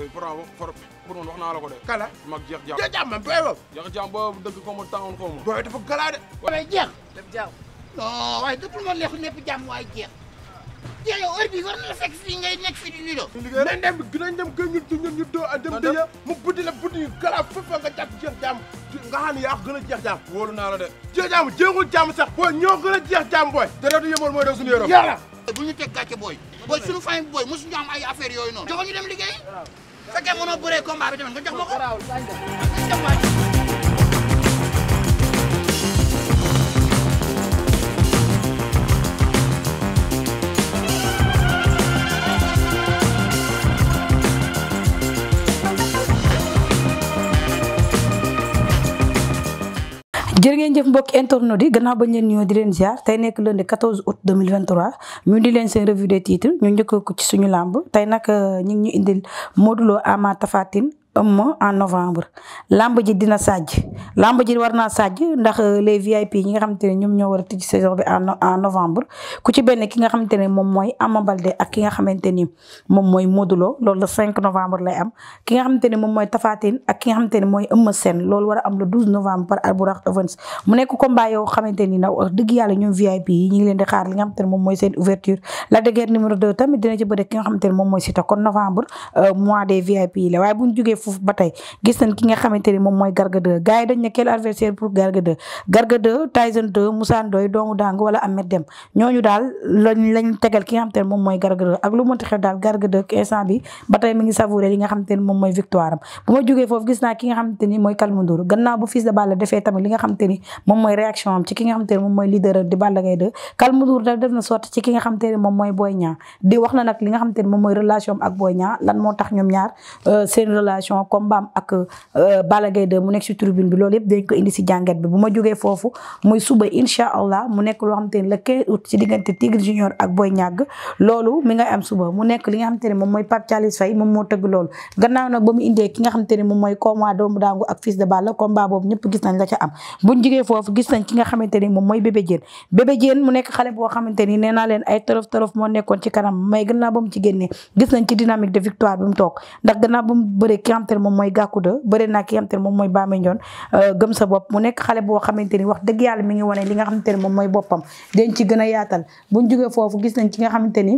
bi pourtant for pour wax naa la ko de. kala mag jeex jaam jeex jaam man booy boobu. jeex jaam ko ma tàngoon ko ma. booy dafa galaa de. waaye jeex. def jaaw. non waaye dëppul ma lekk nepp jàmm waaye jeex. jeex yow heure bii war na la fekk fii ngay nekk fii di nuyu. liggéey nañ dem nañ dem kër ñun ñun ñu doo dem dëya mu buddi la buddi ñu galaa foofu nga jàpp jeex jaam nga xam ne yaa gën a jeex jaam. naa la de. jeex jaam jeexul jaam sax. booy ñoo gën a jeex jaam booy. dara du yëmoon mooy def suñu yaram. yàlla bu ñu teg gàcce booy. booy suñu fayam booy mosuñu am ay affaire yooyu noonu. fekkee mënoo bëree combat bi nga jox jërë ngeen jëf mbokk internautes yi gannaaw bañ leen ñëw di leen ziar tey nekk lundi 14 août 2023 ñu di leen seen revue des titres ñu njëkkee ko ci suñu làmb tey nag euh, ñu ngi ñu indil Modou Lo Ama Tapha ëmm en novembre lamb ji dina sàjj lamb ji war naa ndax euh, le VIP ñi nga xamante ne ñoom ñoo war a tijji saison bi moom mooy Ama Baldé ak ki nga xam ni moom mooy Modou Lo loolu le 5 novembre lay am ki nga xamante ne moom ak ki nga xamante ne mooy Eumeu Sène loolu war a am le 12 novembre par Albourakh Events mu nekk combat yoo xamante ni nag wax dëgg yàlla ñoom VIP yi ñu ngi leen di xaar li nga xamante ne moom mooy seen ouverture Lac de Guiers numéro 2 tamit dina kon novembre euh, mois des VIP waaye bu jugee foofu ba tey gis nañ ki nga xamante ni moom mooy Garga 2 gars yi dañ ne quel adversaire pour Garga 2 Garga 2 Tyson 2 Moussa doomu daang wala Ahmed Dem ñooñu daal lañ lañ tegal ki nga xamante ne moom mooy Garga 2 ak lu mënti xew daal Garga 2 instant bi ba tey mi moom mooy victoire am bu ma jógee foofu gis naa ki nga xamante ni mooy Kalmundur gannaaw bu Fils de Balla defee tamit li nga xamante ni moom mooy réaction am ci ki nga xamante ni moom mooy leader di Balla Gaye 2 Kalmundur daf def na sorti ci ki moom mooy Boy Niang di na nag li nga xamante ni moom mooy relation am ak Boy Niang lan préparation combat ak euh, Balla Gaye mu nekk si tribune bi loolu yëpp dañ ko indi si jàngat bi bu ma jógee foofu muy suba incha allah mu nekk loo xamante ne le 15 août si diggante Tigre loolu mi ngay am suba mu nekk li nga xamante ne moom mooy Pape Thialis Faye moom moo tëgg loolu gannaaw nag ba ki nga xamante ne moom mooy combat doomu daangu ak fils de Balla la ca foofu gis nañ ki nga xamante ni moom mooy bébé Diène bébé Diène mu nekk xale boo xamante nee naa leen ay torof moo nekkoon ci kanam may gannaaw ba mu ci génnee gis nañ ci dynamique de victoire bi mu toog ndax gannaaw ba mu bëree xam moom mooy gàkku de bëri naa ki nga moom mooy Bambi Ndione euh, gëm sa bopp mu nekk xale boo xamante ni wax dëgg yàlla mi ngi wane li nga xamante ne moom mooy boppam dañ ci gën a yaatal buñ jógee foofu gis nañ ci nga xamante ni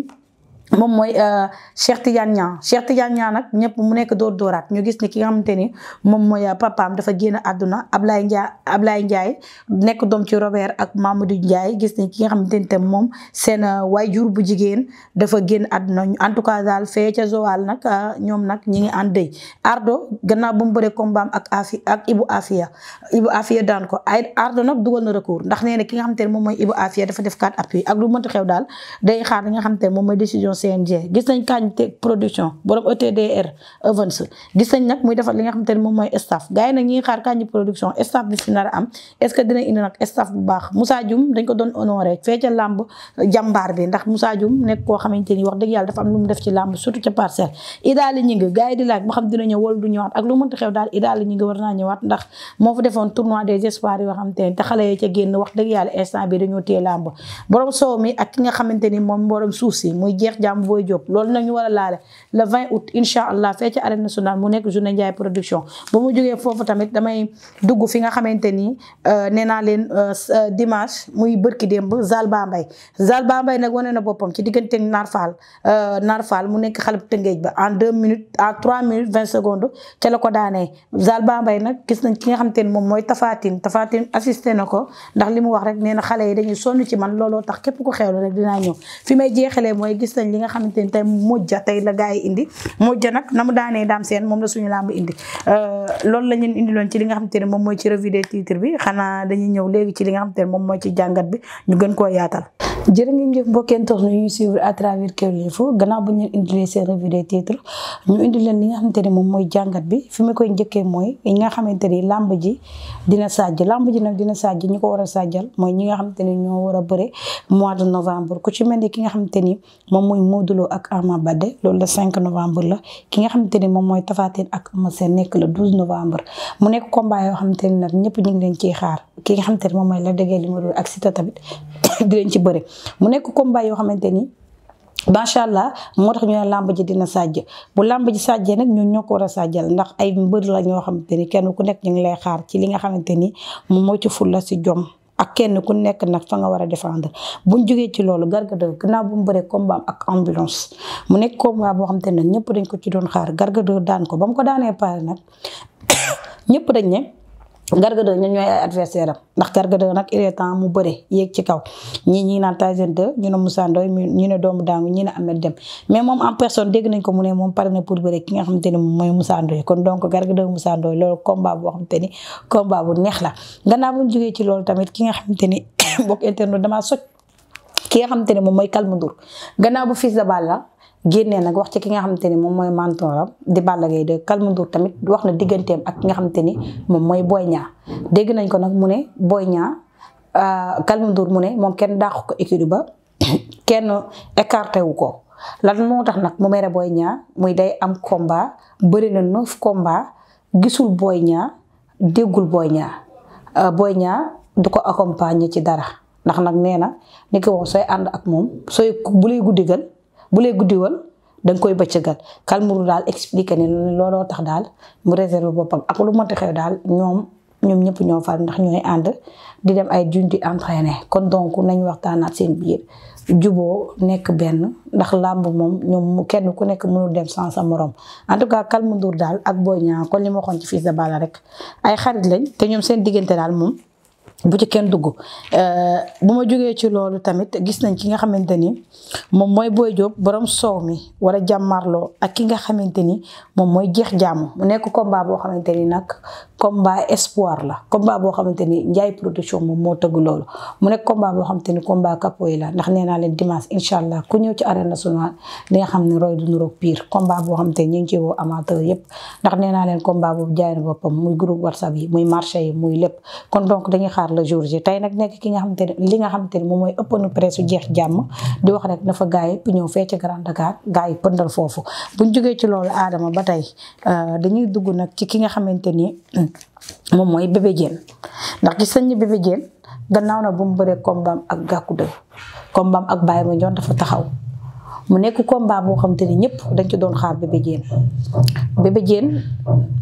moom mooy euh, Cheikh Tidiane Niang Cheikh Tidiane Niang nag ñëpp mu nekk dóor dóoraat ñu gis ni ki nga xamante ni moom mooy euh, papaam dafa génn àdduna Ablaye Ndiaye Ablaye Ndiaye nekk doom ci Robert ak Mamadou Ndiaye gis ni ki nga xamante ni tam moom seen way euh, waajur bu jigéen dafa génn àdduna en tout cas daal fee ca Joal nag ñoom nag ñi ngi en deuil Ardo gannaaw ba mu bëree combat ak afi ak Ibu Afia Ibu Afia daan ko Ardo nag dugal na recours ndax nee ki nga xamante ni moom mooy Ibu Afia dafa def quatre appui ak lu mënti xew daal day xaar nga xamante ni moom mooy décision CNG gis nañ Kanté production borom ETDR Evans gis nañ nag muy defar li nga xam te xale yi ca soow mi ak ki nga xamante ni moom borom suuf si muy jeex jàmm jàmm booy Diop loolu nañu war a la le 20 août incha allah fee ci arène nationale mu nekk journée Ndiaye production ba mu jógee foofu tamit damay dugg fi nga xamante ni euh, nee naa leen euh, euh, dimanche muy bërki démb Zal Bambay Zal Bambay nag wane na boppam ci diggante Naar Fall Naar Fall mu nekk xale bu Tëngéej ba en deux minutes en trois minutes vingt secondes ca la ko daanee Zal Bambay nag gis nañ ki nga xamante ni moom mooy Tafatine Tafatine assisté na ko ndax li mu wax rek nee na xale yi dañuy sonn ci man looloo tax képp ko xew la dinaa ñëw fi may jeexalee mooy gis nañ li nga xamante ni tey mojja tey la gars yi indi mojja nag na mu daanee daam seen moom na suñu làmb indi euh, loolu la indi indiloon ci li nga xamante ne moom mooy ci revue des titres bi xanaa dañuy ñëw léegi ci li nga xamante ne moom mooy ci jàngat bi ñu gën koo yaatal jërë ngeen jëf mbokkeen tox na ñuy suivre à travers Kewel Info gannaaw bu ñu leen indilee seen revue des titres ñu indi leen li nga xamante ni moom mooy jàngat bi fi mu koy njëkkee mooy i nga xamante ni làmb ji dina sàjj làmb ji nag dina sàjj ñi ko war a sàjjal mooy ñi nga xamante ni ñoo war a bëre mois de novembre ku ci mel ni ki nga xamante ni moom mooy Modou ak Ama Baldé loolu la 5 novembre la ki nga xamante ni moom mooy Tapha ak Eumeu Sène nekk le 12 novembre mu nekk combat yoo xamante ni nag ñëpp ñu ngi leen ciy xaar ki nga xamante ni moom mooy Lac de Guiers numéro ak sita tamit di ci bëre mu nekk combat yoo xamante ni macha allah moo tax ñu ne làmb ji dina sàjj bu làmb ji sàjjee nag ñun ñoo ko war a sàjjal ndax ay mbër la ñoo xamante ni kenn ku nekk ñu ngi lay xaar ci li nga xamante ni moom moo ci fulla si jom. ak kenn ku nekk nag fa nga war a défendre buñ jugee ci loolu Garga 2 gannaaw bu mu bëree combat ak ambulance mu nekk combat boo xam te ne ñëpp dañ ko ci doon xaar Garga daan ko ba mu ko daanee pare nag ñëpp dañ ne. Garga 2 ñun ñooy ay adversaire am ndax Garga 2 nag il est mu bëre yéeg ci kaw ñi ñi naan Tyson 2 ñu ne Moussa Ndoye ñu ne doomu daangu ñi ne Ahmed Deme mais moom en personne dégg nañ ko mu ne moom pare na pour bëre ki nga xamante ni mooy Moussa Ndoye kon donc Garga 2 Moussa Ndoye loolu combat boo xamante ni combat bu neex la gannaaw bu ñu ci loolu tamit ki nga xamante ni bokk internet dama soj ki nga xam xamante ni moom mooy Kalma Ndour gannaaw bu Fils de la génnee nag wax ci ki nga xamante ni moom mooy mantooram di Balla Gaye de Kalma tamit wax na digganteem ak ki nga xamante ni moom mooy booy ñaa dégg nañ ko nag mu ne Boy Niang Kalma euh, Ndour mu ne moom kenn dàqu ko écurie ba kenn écarté wu ko lan moo tax nag mu mere Boy Niang muy day am combat bëri na neuf combat gisul Boy Niang déggul booy ñaa euh, booy ñaa du ko accompagner ci dara ndax nag nee na ni ko wax sooy ànd ak moom sooy bu guddi guddigal bu lay guddi woon da nga koy bëccëgal kalmuru daal expliqué ne looloo tax daal mu réservé boppam ak lu mënti xew daal ñoom ñoom ñëpp ñoo far ndax ñooy ànd di dem ay junj di kon donc nañu waxtaanaat seen biir juboo nekk benn ndax làmb moom ñoom kenn ku nekk mënul dem sans sa morom en tout cas Kalmundur daal ak Boy Niang kon li ma waxoon ci fii de Balla rek ay xarit lañ te ñoom seen diggante daal moom. bu ci kenn dugg euh, bu ma jógee ci loolu tamit gis nañ ki nga xamante ni moom mooy Boy jóg borom soow mi war a jàmmarloo ak ki nga xamante ni moom mooy jeex jàmm mu nekk combat boo xamante nag combat espoir la combat boo xamante ni Ndiaye production moom moo tëgg loolu mu nekk combat boo xamante ni combat capoeira la ndax nee naa leen dimanche incha allah ku ñëw ci arène nationale ndax nee naa leen combat boobu jaay na boppam muy groupe whatsapp yi muy marché yi muy lépp kon donc dañuy xaar le jour ji tey nekk ki nga xamante ni li nga xamante ni moom mooy ëppanu presse su jeex jàmm di wax rek dafa gaay yi ñëw fee ci Grand Dakar ba tey euh, dañuy moom mooy Bébé Diène ndax gis nañ ne Bébé gannaaw na bu mu bëree combat ak Gàkku Dëgg combat am ak Baye Mandione dafa taxaw mu nekk combat boo xam te ni ñëpp dañ ci doon xaar Bébé Diène Bébé Diène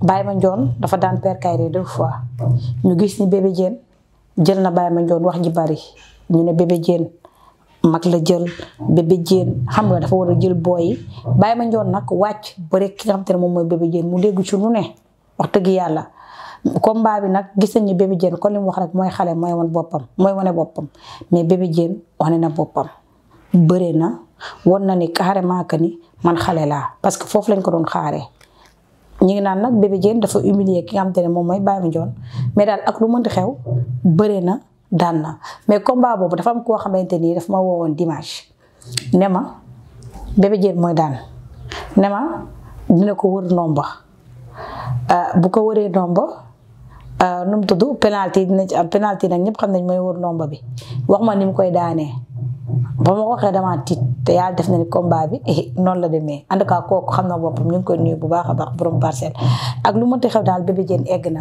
Baye Mandione dafa daan Père Kairé deux fois ñu gis ni Bébé Diène jël na Baye Mandione wax ji bari ñu ne Bébé Diène mag la jël Bébé Diène xam nga dafa war a jël booyi yi Baye Mandione nag wàcc bëre ki xam te ne moom mooy Bébé Diène mu dégg ci lu ne wax dëgg yàlla combat bi nag gis nañu Bébé Diène kon li mu wax rek mooy xale mooy wan boppam mooy wane boppam mais Bébé Diène wane na boppam bëre na won na ni carrément que ni man xale laa parce que foofu lañ ko doon xaare ñu ngi naan nag Bébé dafa humilier ki nga xamante ne moom mooy Baye Mandione mais daal ak lu mënti xew bëre na daan na mais combat boobu dafa am koo xamante ni dafa ma woowoon dimanche ne ma Bébé mooy daan ne ma dina ko wër ndomba ah, bu ko wëree ndomba. Euh, nu mu tudd penalti dina ci am penalti nag ñëpp xam nañ mooy wër ndomba bi wax ma ni mu koy daanee ba ma waxee damaa tiit te yàlla def na ni combat bi eh, noonu la demee en tout kooku xam na boppam ñu ngi koy nuyu bu baax a baax borom parcelle ak lu mënti xew daal Bébé Diène egg na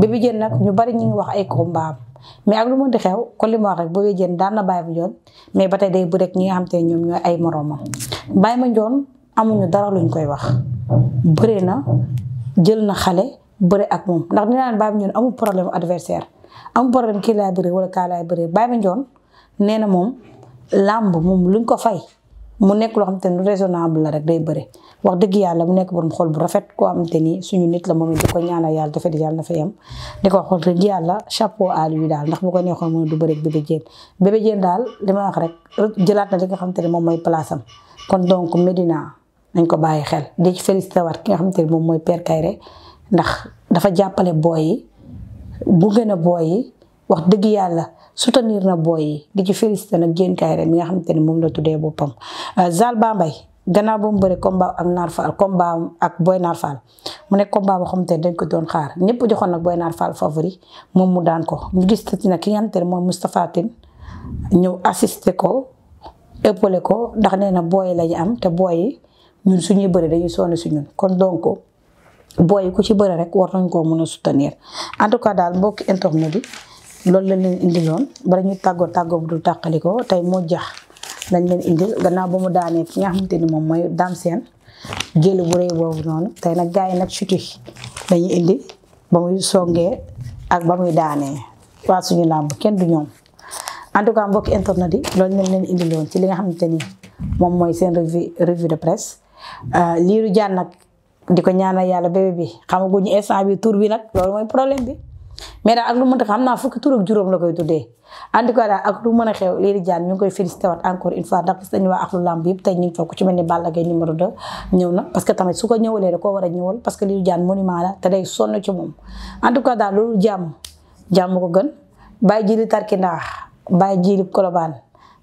Bébé Diène nag ñu bari ñu ngi wax ay combat mais ak lu mënti xew kon li ma wax rek Bébé Diène daan na Baye Mandione mais ba tey day bu rek ñu nga xam te ne ñoom ñooy ay moromam Baye Mandione amuñu dara luñ koy wax bëree na jël na xale. bëre ak moom ndax nee naa Baye Mandione amul problème adversaire amul problème kii laay bëree wala kaa laay bëree Baye Mandione nee na moom làmb moom luñ ko fay mu nekk loo xam te ne la rek day bëre wax dëgg yàlla mu nekk borom xol bu rafet koo xam ni suñu nit moom it ko ñaanal yàlla defet yàlla na fa yem di ko wax wax dëgg yàlla chapeau ndax bu ko neexoon mu ne du bëre ak Bébé Diène Bébé Diène daal li ma wax rek jëlaat na li nga xam te ne moom mooy place am kon donc Medina nañ ko bàyyi xel di félicité waat ki nga xam te ne moom mooy Père Kayré ndax dafa jàppale booy yi gunge na booy yi wax dëgg yàlla soutenir na booy yi di ci félicité nag Diène rek mi nga xamante ni moom la tuddee boppam. Euh, Zal Bambey gannaaw ba mu bëri combat ak Naar comme combat ak Boy Naar Fall mu nekk combat boo xamante ne dañ ko doon xaar ñëpp joxoon nag Boy Naar Fall favori moom mu daan ko ñu gis nag ki nga xamante ne mooy Moustapha Tine ñëw assister ko épaulé ko ndax nee na booy lañu am te booy yi ñun suñuy bëri dañuy sonn si ñun kon donc. booy ku ci bëre rek war nañ koo mën a soutenir en tout cas daal mbokki internet bi loolu lañ leen indiloon bala ñuy tàggoo tàggoo bu dul tàqalikoo tey moo jax lañ leen indil gannaaw ba mu daanee fi nga xamante ni moom mooy daam seen jëli boobu noonu tey nag gars yi nag chuti lañuy indi ba muy songee ak ba muy daanee waa suñu làmb kenn du ñoom en tout cas mbokki internet yi loolu lañ leen indiloon ci li nga xamante ni moom mooy seen revue revue de presse euh, liiru jaan nag di ko ñaana yàlla bébé bi xamaguñu instant bi tur bi nag loolu mooy problème bi mais daal ak lu mënta xam tur ak juróom la koy tuddee en lu mën a xew Lirou Diane ñu ngi koy félicité waat encore une fois ndax a ñëwal parce que Lirou Diane monument la te day daal jàmm jàmm ko gën bàyyi jili tarkindaa bàyyi jili kolobaan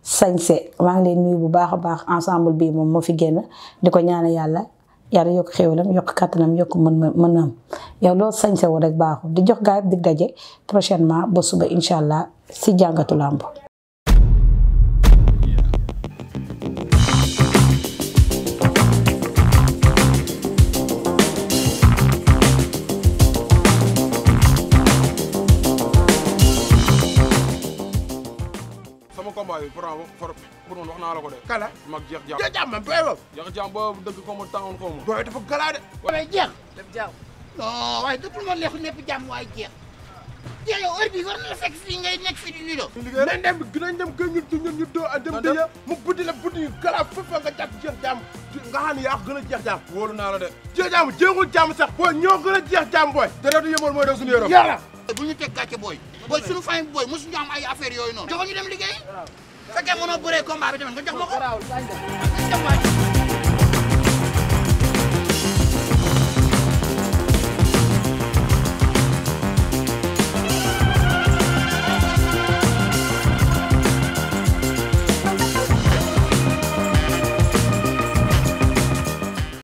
sañse maa ngi leen nuyu bu baax a baax ensemble bi moom moo fi génn di ko ñaana yàlla yàlla yokk xéwalam yokk kàttanam yokk mën mën am yow loolu sañse woo rek baaxul di jox gaay dig daje prochainement ba suba incha allah si jàngatu làmb combat bi pour man wax naa la ko de. kala mag jeex jaam jeex jaam man booy boobu. jeex jaam boobu dëgg ko ma tàngoon ko ma. booy dafa galaa de. waaye jeex. def jaaw. non waaye dëpp lu ma neexul ñëpp jàmm waaye jeex. jeex yow heure bii war na la fekk fii ngay nekk fii di lido. liggéey nañ dem dinañ dem gën ñu ñun ñu doo dem dëya mu buddi la buddi ñu galaa foofa nga jàpp jeex jaam nga xam ne yaa gën a jeex jaam. wóolu naa la de. jeex jaam jeexul jaam sax. booy ñoo gën a jeex jaam booy. dërëtu yëmoon mooy daw suñu yaram. yàlla. bu ñu teg gàcce booy. booy suñu famille booy mosuñu am ay affaire yooyu noonu. jox ñu dem liggéey fekkee mënoo bëree combat a tamit nga